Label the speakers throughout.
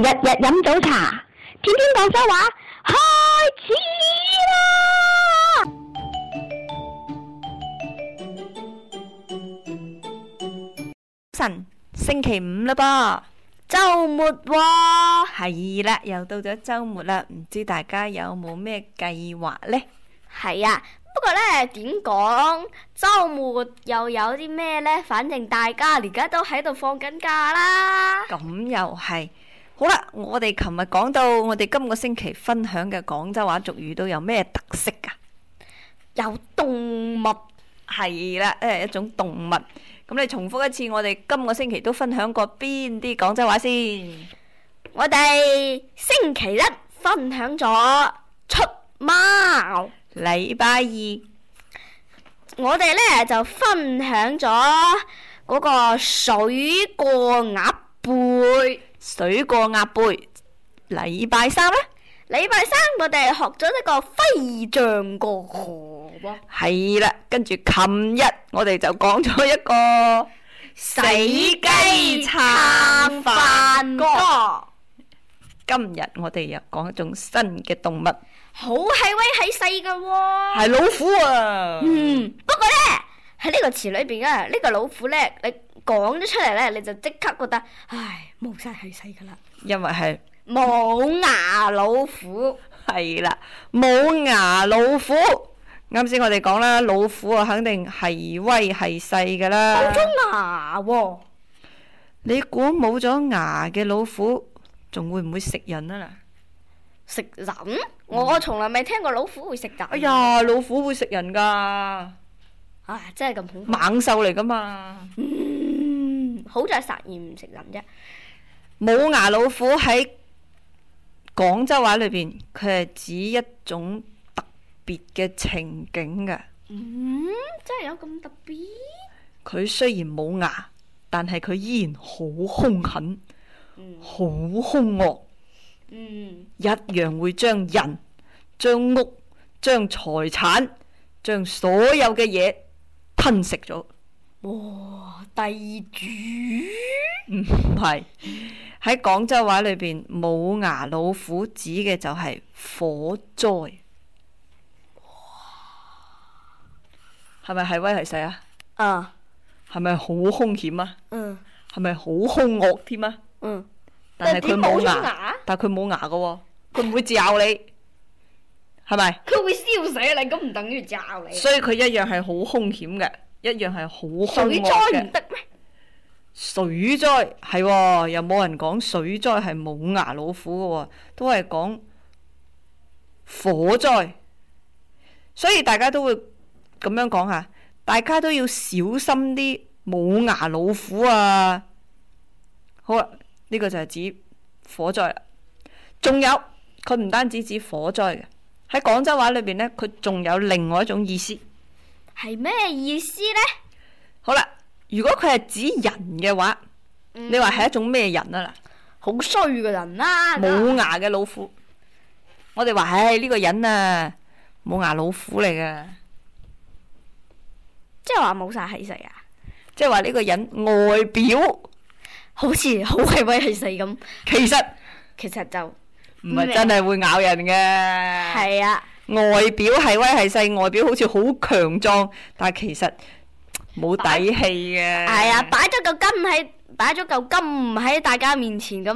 Speaker 1: 日日飲早茶，天天廣州話，開始啦！
Speaker 2: 晨星期五啦噃，周末係啦，又到咗周末啦，唔知大家有冇咩計劃呢？係啊，
Speaker 1: 不過呢點講，周末又有啲咩呢？反正大家而家都喺度放緊假啦。
Speaker 2: 咁又係。好啦，我哋琴日講到，我哋今個星期分享嘅廣州話俗語都有咩特色噶？有動物，係啦，係一種動物。咁你重複一次，我哋今個星期都分享過邊啲廣州話先？我哋星期一分享咗出
Speaker 1: 貓，
Speaker 2: 禮拜
Speaker 1: 二我哋呢就分享咗嗰個水過鴨背。
Speaker 2: 水過鴨背，禮拜三
Speaker 1: 咧？禮拜三我哋學咗一個
Speaker 2: 飛象過河喎。係啦，跟住琴日我哋就講咗一個死雞炒飯歌。歌今日我哋又講一種新嘅動物，
Speaker 1: 好威喎，哦，係細噶喎，係老虎
Speaker 2: 啊。嗯，不過呢，喺呢個詞裏
Speaker 1: 邊啊，呢、呢個老虎呢。你。講咗出嚟呢，你就即刻覺得，唉，冇晒氣勢噶啦。
Speaker 2: 因為係冇牙老虎。係啦，冇牙老虎。啱先我哋講啦，老虎啊，肯定係威係勢噶啦。冇咗牙喎，你估冇咗牙嘅老虎，仲會唔會食人啊啦？食人？
Speaker 1: 我我從來未聽過老虎會食人。哎呀，老
Speaker 2: 虎會食人噶。
Speaker 1: 啊，真係咁恐怖。猛
Speaker 2: 獸嚟噶嘛。
Speaker 1: 好在食鹽唔食人啫。
Speaker 2: 冇牙老虎喺廣州話裏邊，佢係指一種特別嘅情景嘅。嗯，
Speaker 1: 真係有咁特別？
Speaker 2: 佢雖然冇牙，但係佢依然好兇狠，嗯、好兇惡，嗯、一樣會將人、將屋、將財產、將所有嘅嘢吞食咗。
Speaker 3: 哇！地主唔
Speaker 2: 係喺廣州話裏邊，冇牙老虎指嘅就係火災，係咪係威係勢啊？啊，係咪好兇險啊？
Speaker 3: 嗯，
Speaker 2: 係咪好兇惡添啊？嗯，
Speaker 3: 但係佢冇牙，
Speaker 2: 但係佢冇牙㗎喎，佢唔會嚼你，係咪？
Speaker 1: 佢會燒死你，咁唔等於嚼你？所以佢
Speaker 2: 一樣係好兇險嘅。一樣係好兇惡嘅。水災唔得咩？水災係、喎，又冇人講水災係冇牙老虎喎，哦，都係講火災。所以大家都會咁樣講下，大家都要小心啲冇牙老虎啊！好啊，呢個就係指火災啦。仲有，佢唔單止指火災嘅，喺廣州話裏邊呢，佢仲有另外一種意思。
Speaker 1: 係咩意思呢？
Speaker 2: 好啦，如果佢係指人嘅話，嗯、
Speaker 3: 你話係一種
Speaker 2: 咩人啊啦？好衰嘅人啦、啊，冇牙嘅老虎。嗯啊、我哋話唉呢個人啊，冇牙老虎嚟噶，
Speaker 1: 即係話冇晒氣勢啊！
Speaker 2: 即係話呢個人外表
Speaker 1: 好似好威威氣勢咁，其實其實就
Speaker 2: 唔係真係會咬人嘅。係啊。外表係威係勢，外表好似好強壯，但係其實冇底氣嘅。係
Speaker 1: 啊、哎，擺咗嚿金喺擺咗嚿金喺大家面前咁，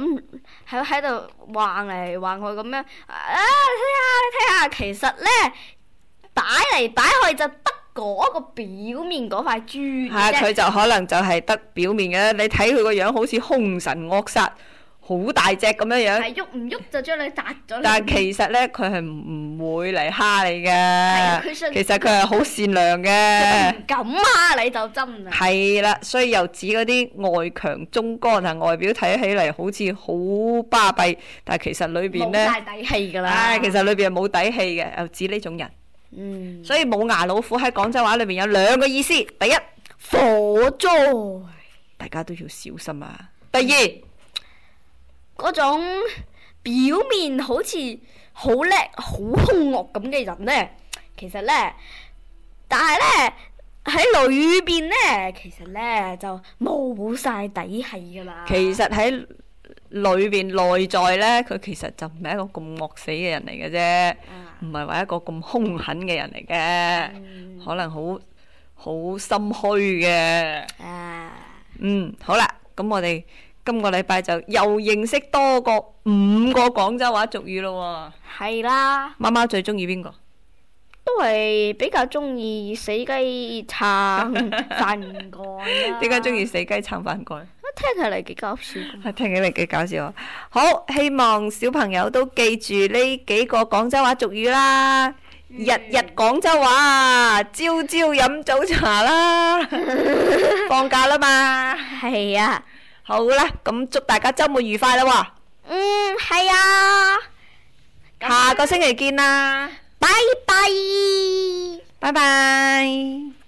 Speaker 1: 喺喺度橫嚟橫去咁樣。啊，睇下，睇下，其實呢，擺嚟擺去就得嗰個表面嗰塊珠。係啊，佢就可
Speaker 2: 能就係得表面嘅。你睇佢個樣好似凶神惡煞。好大隻咁樣樣，係
Speaker 1: 喐唔喐就將你殺咗。但係其實呢，
Speaker 2: 佢係唔會嚟蝦你嘅。其實佢係好善良嘅。咁
Speaker 1: 敢蝦、啊、你就真啦。
Speaker 2: 係啦，所以又指嗰啲外強中乾，係外表睇起嚟好似好巴閉，但係其實裏邊咧冇大
Speaker 1: 底氣㗎啦。係、哎，其
Speaker 2: 實裏邊係冇底氣嘅，又指呢種人。嗯。所以冇牙老虎喺廣州話裏面有兩個意思。第一，火災，大家都要小心啊。嗯、第二。
Speaker 1: 嗰種表面好似好叻、好兇惡咁嘅人呢，其實呢，但係呢，喺裏邊呢，其實呢，就冇晒底氣噶啦。
Speaker 2: 其實喺裏邊內在呢，佢其實就唔係一個咁惡死嘅人嚟嘅啫，唔係話一個咁兇狠嘅人嚟嘅，嗯、可能好好心虛嘅。啊、嗯，好啦，咁我哋。今個禮拜就又認識多過五個廣州話俗語咯喎，係啦。媽媽最中意邊個？
Speaker 1: 都係比較中意死雞撐飯蓋
Speaker 2: 啦。點解中意死雞撐飯蓋？ 啊，聽起嚟幾搞笑。係聽起嚟幾搞笑。好，希望小朋友都記住呢幾個廣州話俗語啦。Yeah. 日日廣州話，朝朝飲早茶啦。 放假啦嘛。係 啊。好啦，咁祝大家周末愉快啦喎！
Speaker 1: 嗯，係啊，
Speaker 2: 下個星期
Speaker 1: 見啦！拜
Speaker 2: 拜！拜拜！